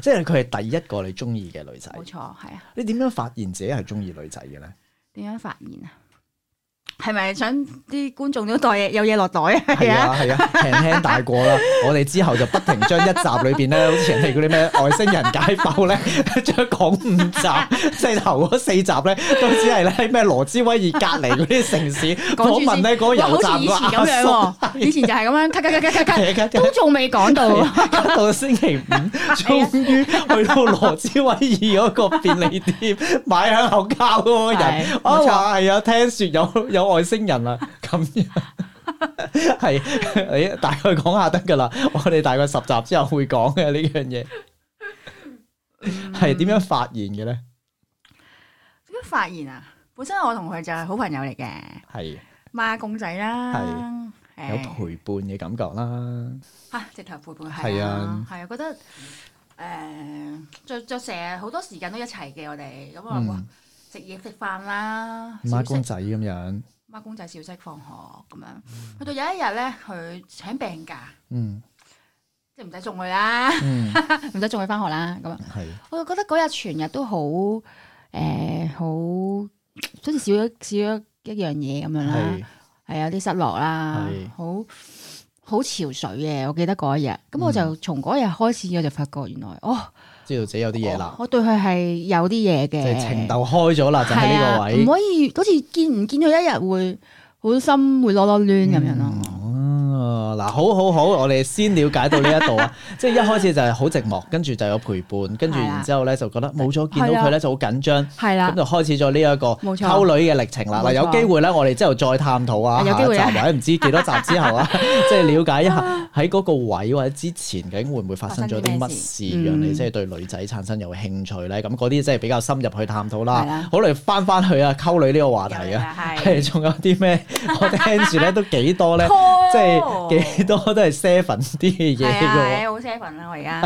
即係佢係第一個你中意嘅女仔。冇錯，係啊。你點樣發現自己係中意女仔嘅咧？點樣發現啊？係咪想啲觀眾都袋嘢，有嘢落袋？係啊係啊，輕輕帶過啦。我哋之後就不停將一集裏邊咧，好似嗰啲咩外星人解剖咧，將講五集，即頭嗰四集咧都只係咧咩羅茲威爾隔籬嗰啲城市，我問咧嗰個油站嗰個阿叔，以前就係咁樣，都仲未講到，到星期五，終於去到羅茲威爾嗰個便利店買香口膠嗰個人，我話係啊，聽說有有。外星人啊，咁樣係， 你大概講下得噶啦。我哋大概十集之後會講嘅呢樣嘢，係 點樣發現嘅咧？點樣、嗯、發現啊？本身我同佢就係好朋友嚟嘅，係孖是公仔啦，有陪伴嘅感覺啦，吓直頭陪伴係啊，係啊，啊，覺得誒，捉捉成日好多時間都一齊嘅我哋，咁啊食嘢食飯啦，孖公仔咁樣。孖公仔小息放學咁樣，去到有一日咧，佢請病假，嗯、即係唔使送佢啦，唔使、嗯、 送佢返學啦。咁，的我就覺得嗰日全日都好，誒、呃，好好似少咗少咗一樣嘢咁樣啦，係的的有啲失落啦，好好的潮水嘅。我記得嗰日，咁、嗯、我就從嗰日開始，我就發覺原來哦。知道自己有啲嘢啦，我對佢係有啲嘢嘅，就係情竇開咗啦，就喺、是、呢個位，唔、啊、可以好似見唔見佢一日會好心會囉囉攣咁樣咯。嗯嗱，好好好，我哋先了解到呢一度啊，即係一開始就係好寂寞，跟住就有陪伴，跟住然之後咧就覺得冇咗見到佢咧就好緊張，係啦，咁就開始咗呢一個溝女嘅歷程啦。嗱，有機會咧，我哋之後再探討啊，下一集或者唔知幾多集之後啊，即係了解一下喺嗰個位或者之前究竟會唔會發生咗啲乜事，讓你即係對女仔產生有興趣咧？咁嗰啲即係比較深入去探討啦。好，嚟翻翻去啊，溝女呢個話題啊，係仲有啲咩？我聽住咧都幾多咧，即係。幾。多都係 seven 啲嘢嘅，係好 seven 啦，我而家，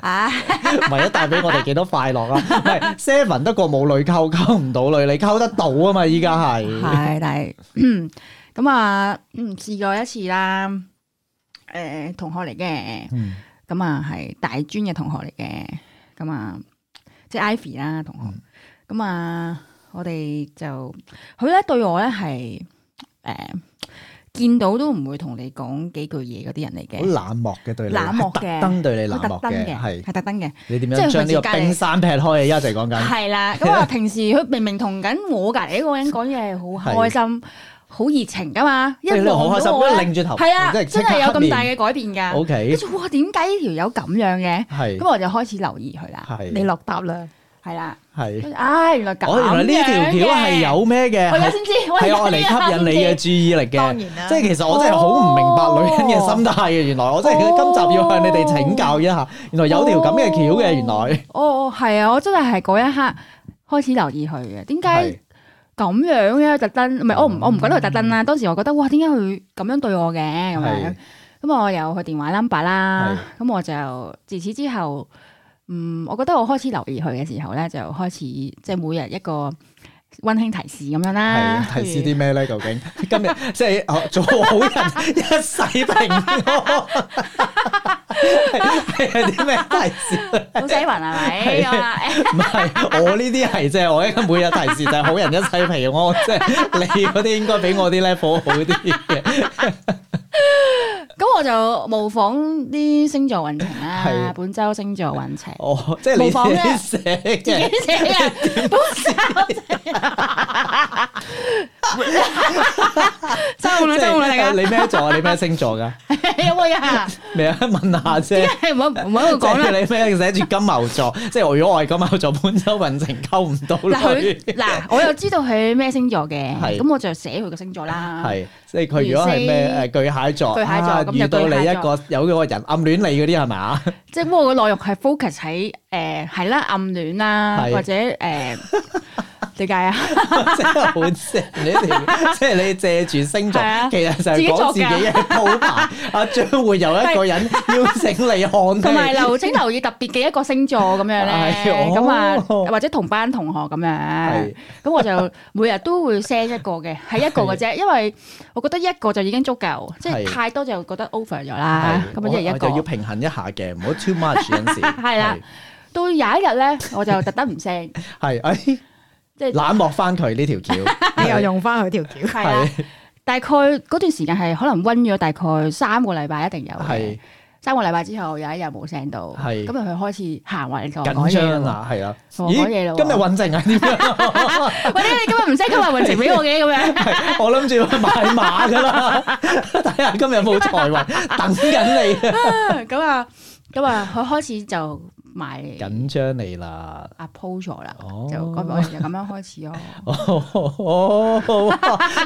係咪一帶俾我哋幾多快樂啊？係 seven 得過冇女溝，溝唔到女，你溝得到啊嘛？依家係係，但係咁啊，試過一次啦。誒，同學嚟嘅，咁啊係大專嘅同學嚟嘅，咁啊即係 Ivy 啦，同學，咁啊我哋就佢咧對我咧係誒。見到都唔會同你講幾句嘢嗰啲人嚟嘅，好冷漠嘅對你，冷漠嘅，特登對你冷漠嘅，係係特登嘅。你點樣將呢個冰山劈開？而一齊講緊。係啦，咁啊，平時佢明明同緊我隔籬嗰個人講嘢，好開心，好熱情噶嘛。一望到我咧，擰轉頭，係啊，真係有咁大嘅改變噶。OK，跟住哇，點解呢條友咁樣嘅？係，咁我就開始留意佢啦。你落搭啦，係啦。係，唉，原來咁樣嘅，我原來呢條橋係有咩嘅，先知係我嚟吸引你嘅注意力嘅，即係其實我真係好唔明白女人嘅心態嘅。原來我真係今集要向你哋請教一下，原來有條咁嘅橋嘅，原來。哦，哦，係啊，我真係係嗰一刻開始留意佢嘅，點解咁樣嘅？特登，唔係我唔我唔覺得佢特登啦。當時我覺得哇，點解佢咁樣對我嘅咁樣？咁我有佢電話 number 啦，咁我就自此之後。嗯，我覺得我開始留意佢嘅時候咧，就開始即係、就是、每日一個溫馨提示咁樣啦。提示啲咩咧？ 究竟今日即係做好人一世平安，係啲咩提示？好洗魂係咪？啊，唔係，我呢啲係即係我應該每日提示就係好人一世平安。即係 你嗰啲應該比我啲 level 好啲嘅。咁 我就模仿啲星座運程啦，的本周星座運程哦，即係模仿啫，自己寫 啊，多謝，溝女溝女你咩座啊？你咩星座噶？係呀，咩啊？問下啫，唔好唔好喺度講啦。你咩寫住金牛座，即係我如果我係金牛座，本周運程溝唔到佢。嗱，我又知道佢咩星座嘅，咁我就寫佢個星座啦。係，即係佢如果係咩係巨蟹座，巨蟹座咁遇到你一個有嗰個人暗戀你嗰啲係咪？即係我個內容係 focus 喺，誒係啦，暗戀啦或者誒。點解啊？即係好 send 你，即係你借住星座，其實就係講自己嘅抱白。將會有一個人邀請你看，同埋劉青、留意特別嘅一個星座咁樣咧，咁啊或者同班同學咁樣。咁我就每日都會 send 一個嘅，係一個嘅啫，因為我覺得一個就已經足夠，即係太多就覺得 over 咗啦。咁樣就一個要平衡一下嘅，唔好 too much。係啦，到有一日咧，我就特登唔 send。係誒。即係冷漠翻佢呢條橋，你又用翻佢條橋。係大概嗰段時間係可能温咗大概三個禮拜，一定有。係三個禮拜之後有一日冇聲到，係咁就佢開始行運同我講嘢啦。咦？今日運程啊？點解？喂，你今日唔識今日運程俾我嘅？咁樣？我諗住買馬噶啦，但係今日冇財運，等緊你啊！咁啊，咁啊，佢開始就。緊張你啦，阿拋咗啦，就嗰邊就咁樣開始咯。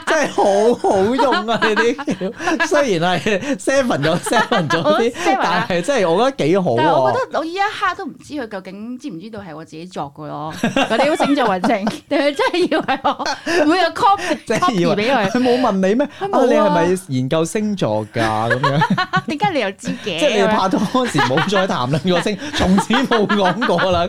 真係好好用啊！呢啲雖然係 seven 咗 seven 咗啲，但係真係我覺得幾好。我覺得我依一刻都唔知佢究竟知唔知道係我自己作噶咯。我啲星座運程定係真係以為我每有 copy c o p 佢。冇問，你咩？啊啊，你係咪研究星座噶，咁樣？點解你又知嘅？即係你拍拖嗰時冇再談兩個星， 冇講過啦，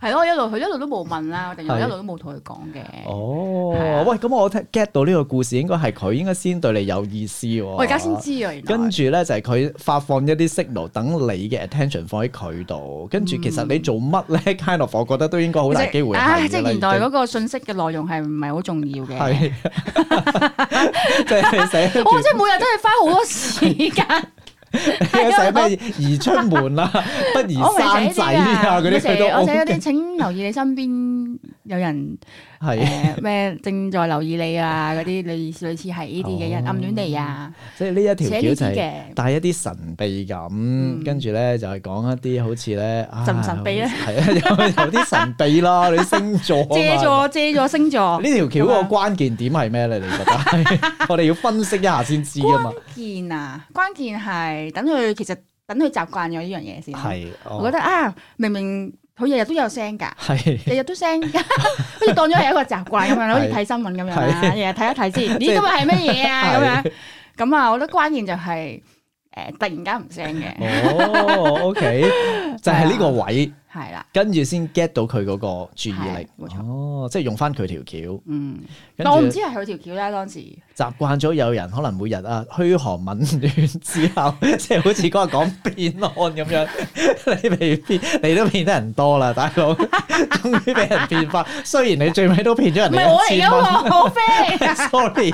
係咯，我一路佢一路都冇問啦，我哋一路都冇同佢講嘅。哦，喂，咁我聽 get 到呢個故事，應該係佢應該先對你有意思。我而家先知啊，而跟住咧，就係佢發放一啲 signal，等你嘅 attention 放喺佢度。跟住其實你做乜咧？Kind of，我覺得都應該好大機會。唉，即係現代嗰個信息嘅內容係唔係好重要嘅。係，即係寫。我真係每日都要花好多時間。宜出 門啦，啊， 不宜生仔啊，嗰啲嗰啲。 我寫有啲，請留意你身邊。有人係咩正在留意你啊？嗰啲你類似係呢啲嘅人暗戀你啊！即係呢一條橋就係帶一啲神秘感，跟住咧就係講一啲好似咧神神秘咧，係啊有啲神秘啦，你星座借咗借咗星座呢條橋個關鍵點係咩咧？你覺得我哋要分析一下先知啊嘛？關鍵啊，關鍵係等佢其實等佢習慣咗呢樣嘢先，係我覺得啊，明明。佢日日都有聲㗎，日日都聲㗎，好似當咗係一個習慣咁樣，好似睇新聞咁樣，日日睇一睇先，咦今日係乜嘢啊咁樣？咁啊，我覺得關鍵就係誒突然間唔聲嘅。哦，OK，就係呢個位。係啦，跟住先 get 到佢嗰個注意力，哦，即係用翻佢條橋。嗯，我唔着知係佢條橋啦，當時習慣咗有人可能每日啊噓寒問暖之後，即係好似嗰日講變案咁樣， 你未必，你都變得人多啦，大佬，終於俾人變翻。雖然你最尾都騙咗人 不，唔係我而家好飛啊，sorry，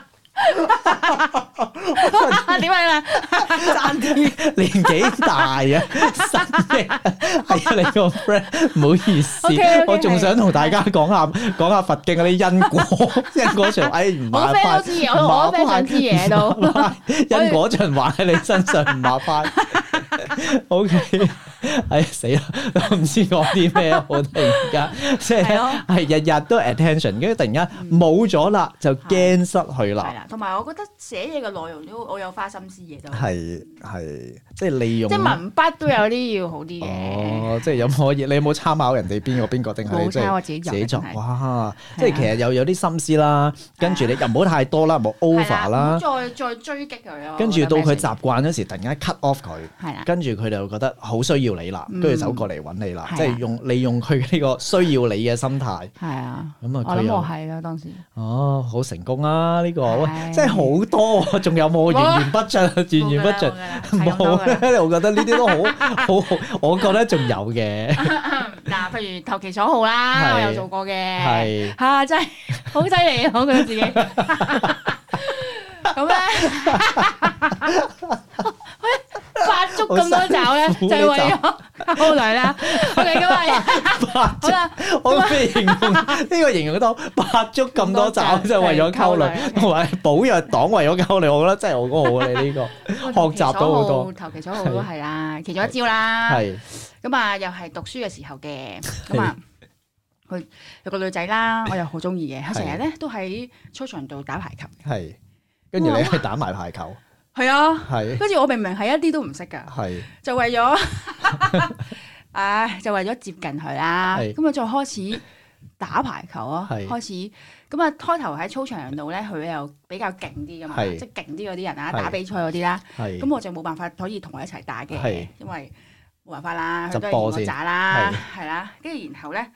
喂。點解啲？年紀大啲？係啊，你個 friend，唔好意思，okay, okay, 我仲想同大家講下講下佛經嗰啲因果因果循環哎，唔麻煩，唔麻煩，嘢都，因果循環喺你身上唔麻煩，OK。係死啦！都唔知講啲咩，好突然間，即係係日日都 attention，跟住突然間冇咗啦，就驚失去啦。係啦，同埋我覺得寫嘢嘅內容都我有花心思嘅都係係，即係利用即係文筆都有啲要好啲嘅。哦，即係有冇可以？你有冇參考人哋邊個邊個定係即係自己作？哇！即係其實又有啲心思啦。跟住你又唔好太多啦，唔好 over 啦。再再追擊佢咯。跟住到佢習慣嗰時，突然間 cut off 佢，係啦。跟住佢就覺得好需要。你啦，跟住走過嚟揾你啦，即係用利用佢呢個需要你嘅心態。係啊，咁啊佢又我冇係啦，當時哦好成功啊呢個，真係好多，仲有冇源源不絕，源源不絕冇咧？我覺得呢啲都好，好，我覺得仲有嘅。嗱，譬如投其所好啦，我有做過嘅，係吓真係好犀利啊！我覺得自己咁咧。八足咁多爪咧，就為咗溝女啦！我哋咁啊，八足，我非常呢個形容得好，八足咁多爪，就為咗溝女同埋補藥黨為咗溝女，我覺得真係我講好你呢個學習到好多。頭期彩號都係啦，其中一招啦。係咁啊，又係讀書嘅時候嘅咁啊，佢有個女仔啦，我又好中意嘅，佢成日咧都喺操場度打排球。係，跟住你去打埋排球。係啊，跟住是我明明係一啲都唔識噶，就為咗，唉，就為咗接近佢啦。咁啊是，再開始打排球啊，是開始。咁啊，開頭喺操場度咧，佢又比較勁啲噶嘛，是即係勁啲嗰啲人啊，是打比賽嗰啲啦。咁是我就冇辦法可以同佢一齊打嘅，是因為冇辦法啦，佢都係二嗰扎啦，係啦。跟住然後咧，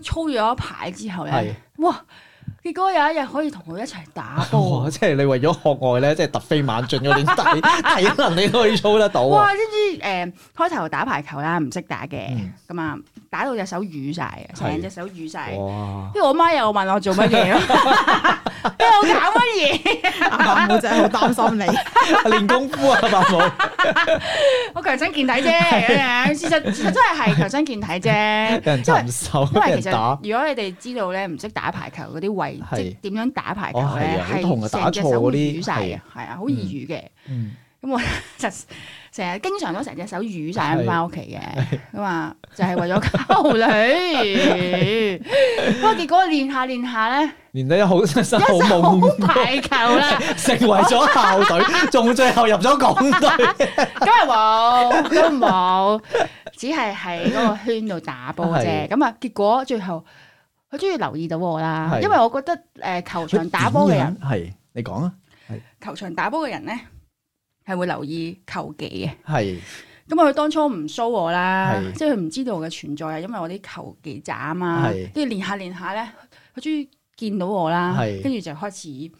操咗一排之後咧，哇！哇！結果有一日可以同佢一齊打波。啊哦，即係你為咗學外咧，即係突飛猛進嗰啲體能，你可以操得到哇。哇！知唔知？誒、呃，開頭打排球啦，唔識打嘅，咁、嗯、啊，打到隻手瘀晒，成隻手瘀晒。跟住哇、欸、我媽又問我做乜嘢，屌打乜？我、 啊、真係好擔心你練功夫啊，阿爸伯！ 我強身健體啫， 其實其實真係係強身健體啫。即係 因，為因為其實打，如果你哋知道咧，唔識打排球嗰啲位，是即係點樣打排球咧，好、哦、同啊，隻手瘀晒嘅，係啊，啊，好易瘀嘅。嗯，咁我就。成日經常都成隻手淤晒咁翻屋企嘅，咁啊就係為咗溝女。不過結果練下練下咧，練得好身好猛，排球啦，成為咗校隊，仲最後入咗港隊，都冇，都冇，只係喺嗰個圈度打波啫。咁啊，結果最後佢終於留意到我啦，因為我覺得誒球場打波嘅人係你講啊，球場打波嘅人咧。係會留意球技嘅。係咁佢當初唔 show 我啦，是即係佢唔知道我嘅存在啊，因為我啲球技渣啊嘛，跟住是練下練下咧，佢終於見到我啦，跟住是就開始一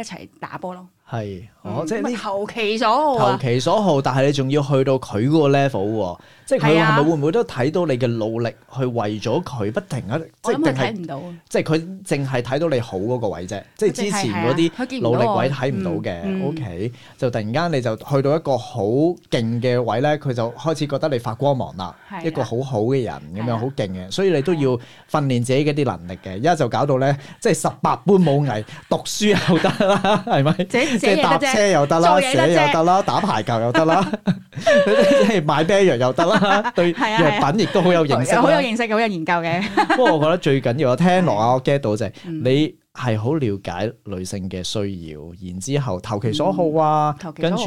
齊打波咯。係，哦、即係是投其所好，啊，投其所好，但係你仲要去到佢嗰個 level 喎，即係佢係咪會唔會都睇到你嘅努力去為咗佢不停啊？我諗係睇唔到，即係佢淨係睇到你好嗰個位啫，即係之前嗰啲努力位睇唔到嘅。 嗯、o、okay, K，就突然間你就去到一個好勁嘅位咧，佢就開始覺得你發光芒啦，嗯、一個好好嘅人咁，嗯、樣好勁嘅，所以你都要訓練自己嘅啲能力嘅。而家，嗯、就搞到咧，即係十八般武藝， 讀書又得啦，係咪？即係搭車又得啦，寫又得啦， 打排球又得啦，即係 買咩藥又得啦， 對藥品亦都好有認識，好有認識，好有研究嘅。不過我覺得最緊要 聽我聽落啊，我 get 到就係你。嗯係好了解女性嘅需要，然之後投其所好啊，跟住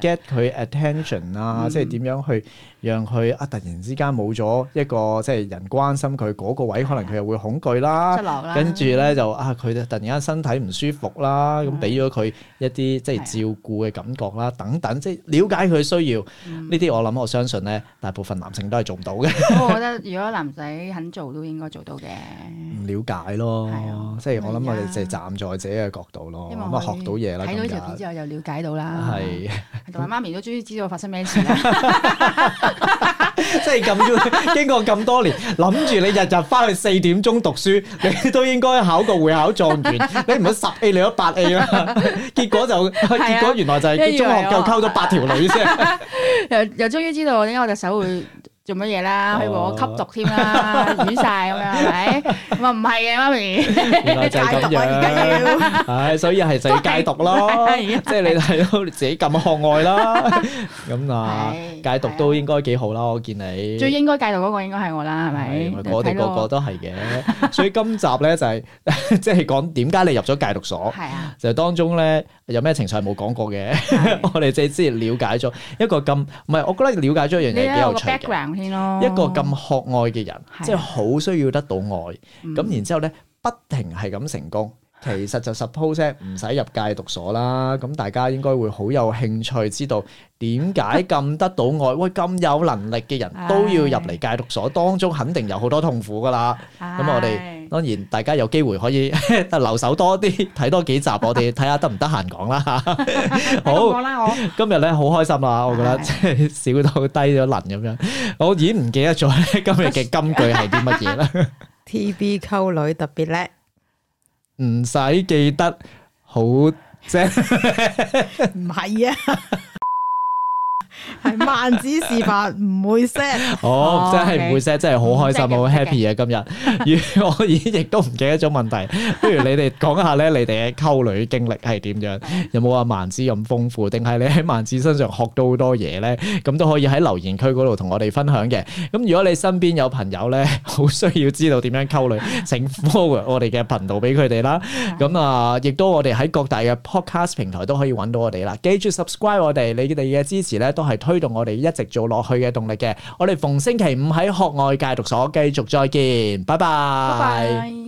get 佢 attention 啊，即係點樣去讓佢啊突然之間冇咗一個即係人關心佢嗰個位，可能佢又會恐懼啦，跟住咧就啊佢突然間身體唔舒服啦，咁俾咗佢一啲即係照顧嘅感覺啦，等等，即係了解佢需要呢啲，我諗我相信咧，大部分男性都係做唔到嘅。我覺得如果男仔肯做，都應該做到嘅。唔了解咯，即係我。咁我哋就係站在自己嘅角度咯，咁啊學到嘢啦，睇到條片之後又了解到啦，係同埋媽咪都終於知道發生咩事啦。即係咁要經過咁多年，諗住你日日翻去四點鐘讀書，你都應該考個會考狀元，你唔係十 A 你都八 A 啦。結果就結果原來就係中學又溝咗八條女先，又又終於知道我點解我隻手會。做乜嘢啦？佢話我吸毒添啦，染晒，咁樣，係咪？咁話唔係嘅，媽咪，原來就係咁樣，你戒毒啊，而家要。唉，所以係就要戒毒咯，即係你睇到自己咁可愛啦。咁啊，戒毒都應該幾好啦，我見你。最應該戒毒嗰個應該係我啦，係咪？我哋個個都係嘅。所以今集咧就係即係講點解你入咗戒毒所。係啊，就係當中咧。有咩情緒係冇講過嘅？的 我哋即係了解咗一個咁，唔係，我覺得了解咗一樣嘢幾有趣，一個咁渴愛嘅人，的即係好需要得到愛。咁、嗯、然之後咧，不停係咁成功，其實就 suppose 唔使入戒毒所啦。咁、啊、大家應該會好有興趣知道點解咁得到愛？ 喂，咁有能力嘅人都要入嚟戒毒所，當中肯定有好多痛苦噶啦。咁、啊、的我哋。當然，大家有機會可以 留守多啲，睇多幾集，我哋睇下得唔得閒講啦。好，今日咧好開心啦、啊，我覺得即係少到低咗能咁樣， 我已經唔記得咗今日嘅金句係啲乜嘢啦。 TB 溝女特別叻，唔使記得好正，唔係 是啊。 係萬子示範唔會 set，哦，真係唔會 set，真係好開心，好 happy 啊！今日我已亦都唔記得咗問題，不如你哋講下咧，你哋嘅溝女經歷係點樣？有冇話萬子咁豐富？定係你喺萬子身上學到好多嘢咧？咁都可以喺留言區嗰度同我哋分享嘅。咁如果你身邊有朋友咧，好需要知道點樣溝女，請 follow 我哋嘅頻道俾佢哋啦。咁啊，亦都我哋喺各大嘅 podcast 平台都可以揾到我哋啦。記住 subscribe 我哋，你哋嘅支持咧都係。推動我哋一直做落去嘅動力嘅，我哋逢星期五喺渴愛戒毒所繼續再見，拜拜。Bye bye.